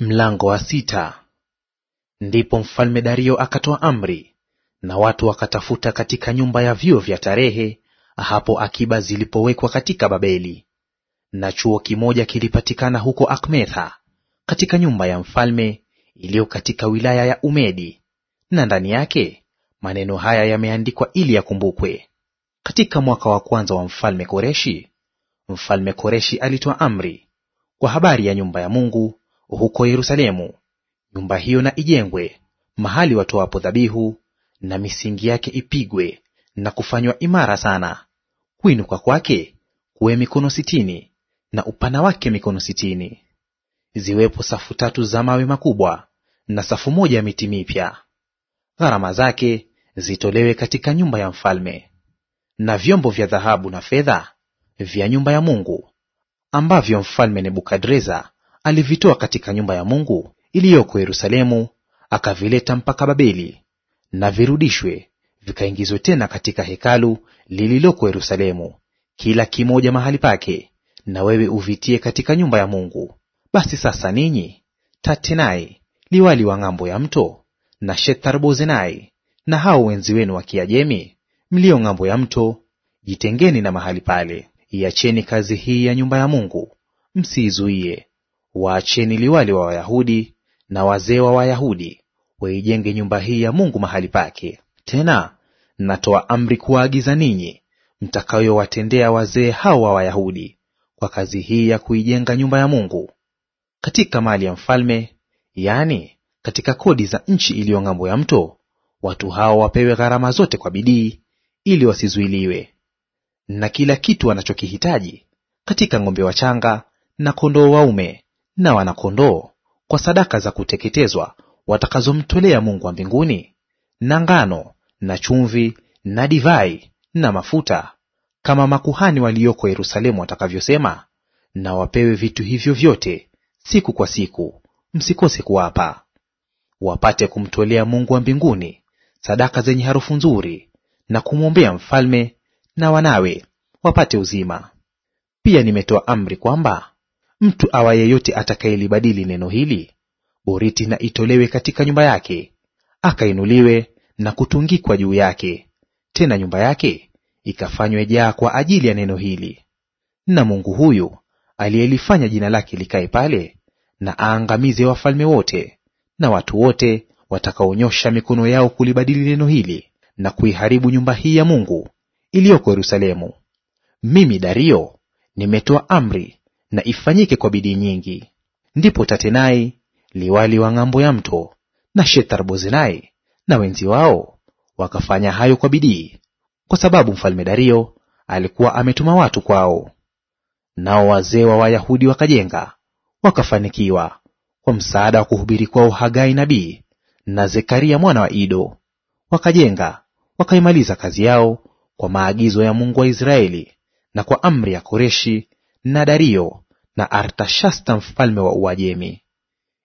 Mlango wa sita. Ndipo mfalme Dario akatoa amri, na watu wakatafuta katika nyumba ya vyuo vya tarehe, hapo akiba zilipowekwa katika Babeli. Na chuo kimoja kilipatikana huko Akmetha, katika nyumba ya mfalme iliyo katika wilaya ya Umedi, na ndani yake maneno haya yameandikwa ili yakumbukwe. Katika mwaka wa kwanza wa mfalme Koreshi, mfalme Koreshi alitoa amri kwa habari ya nyumba ya Mungu huko Yerusalemu, nyumba hiyo na ijengwe mahali watoapo dhabihu, na misingi yake ipigwe na kufanywa imara sana, kuinuka kwake kuwe mikono sitini na upana wake mikono sitini. Ziwepo safu tatu za mawe makubwa na safu moja ya miti mipya. Gharama zake zitolewe katika nyumba ya mfalme. Na vyombo vya dhahabu na fedha vya nyumba ya Mungu ambavyo mfalme Nebukadreza alivitoa katika nyumba ya Mungu iliyoko Yerusalemu, akavileta mpaka Babeli, na virudishwe vikaingizwe tena katika hekalu lililoko Yerusalemu, kila kimoja mahali pake, na wewe uvitie katika nyumba ya Mungu. Basi sasa ninyi Tatenai liwali wa ng'ambo ya mto, na Shetharbozenai na hao wenzi wenu wa Kiajemi mlio ng'ambo ya mto, jitengeni na mahali pale. Iacheni kazi hii ya nyumba ya Mungu, msiizuie, waacheni liwali wa Wayahudi na wazee wa Wayahudi waijenge nyumba hii ya Mungu mahali pake. Tena natoa amri kuwaagiza ninyi mtakayowatendea wazee hao wa Wayahudi kwa kazi hii ya kuijenga nyumba ya Mungu, katika mali ya mfalme, yaani katika kodi za nchi iliyo ng'ambo ya mto, watu hao wapewe gharama zote kwa bidii, ili wasizuiliwe. Na kila kitu wanachokihitaji katika ng'ombe wachanga na kondoo waume na wanakondoo kwa sadaka za kuteketezwa watakazomtolea Mungu wa mbinguni, na ngano na chumvi na divai na mafuta, kama makuhani walioko Yerusalemu watakavyosema, na wapewe vitu hivyo vyote siku kwa siku, msikose kuwapa, wapate kumtolea Mungu wa mbinguni sadaka zenye harufu nzuri, na kumwombea mfalme na wanawe wapate uzima. Pia nimetoa amri kwamba Mtu awa yeyote atakayelibadili neno hili, boriti na itolewe katika nyumba yake, akainuliwe na kutungikwa juu yake, tena nyumba yake ikafanywe jaa kwa ajili ya neno hili. Na Mungu huyu aliyelifanya jina lake likae pale, na aangamize wafalme wote na watu wote watakaonyosha mikono yao kulibadili neno hili na kuiharibu nyumba hii ya Mungu iliyoko Yerusalemu. Mimi Dario nimetoa amri na ifanyike kwa bidii nyingi. Ndipo Tatenai liwali wa ng'ambo ya mto na shethar na wenzi wao wakafanya hayo kwa bidii, kwa sababu mfalme Dario alikuwa ametuma watu kwao. Nao wazee wa Wayahudi wakajenga, wakafanikiwa kwa msaada wa kuhubiri kwao Hagai nabii na Zekaria mwana wa Ido. Wakajenga wakaimaliza kazi yao kwa maagizo ya Mungu wa Israeli na kwa amri ya Koreshi na Dario na Artashasta mfalme wa Uajemi.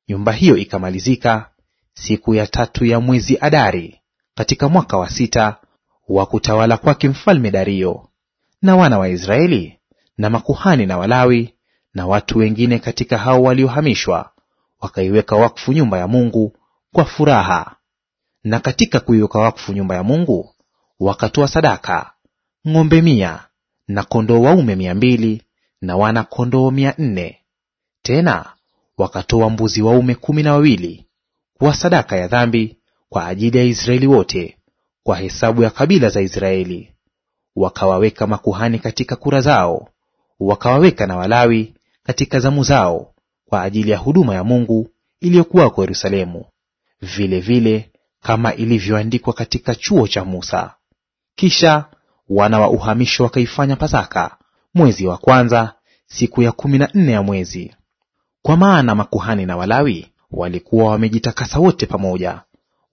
Nyumba hiyo ikamalizika siku ya tatu ya mwezi Adari katika mwaka wa sita wa kutawala kwake mfalme Dario. Na wana wa Israeli na makuhani na Walawi na watu wengine katika hao waliohamishwa wakaiweka wakfu nyumba ya Mungu kwa furaha. Na katika kuiweka wakfu nyumba ya Mungu wakatoa sadaka ng'ombe mia na kondoo waume mia mbili na wana-kondoo mia nne. Tena wakatoa mbuzi waume kumi na wawili kuwa sadaka ya dhambi kwa ajili ya Israeli wote kwa hesabu ya kabila za Israeli. Wakawaweka makuhani katika kura zao, wakawaweka na Walawi katika zamu zao kwa ajili ya huduma ya Mungu iliyokuwako Yerusalemu, vile vile kama ilivyoandikwa katika chuo cha Musa. Kisha wana wa uhamisho wakaifanya Pasaka mwezi wa kwanza, siku ya kumi na nne ya mwezi. Kwa maana makuhani na Walawi walikuwa wamejitakasa wote pamoja,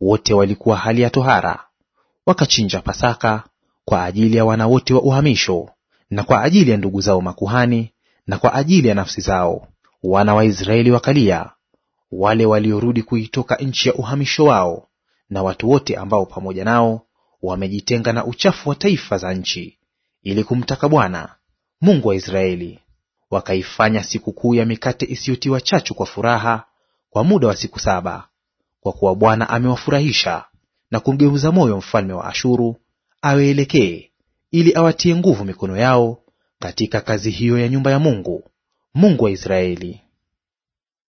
wote walikuwa hali ya tohara, wakachinja Pasaka kwa ajili ya wana wote wa uhamisho na kwa ajili ya ndugu zao makuhani na kwa ajili ya nafsi zao. Wana wa Israeli wakalia, wale waliorudi kuitoka nchi ya uhamisho wao, na watu wote ambao pamoja nao wamejitenga na uchafu wa taifa za nchi, ili kumtaka Bwana Mungu wa Israeli. Wakaifanya sikukuu ya mikate isiyotiwa chachu kwa furaha kwa muda wa siku saba, kwa kuwa Bwana amewafurahisha na kumgeuza moyo mfalme wa Ashuru awaelekee, ili awatie nguvu mikono yao katika kazi hiyo ya nyumba ya Mungu, Mungu wa Israeli.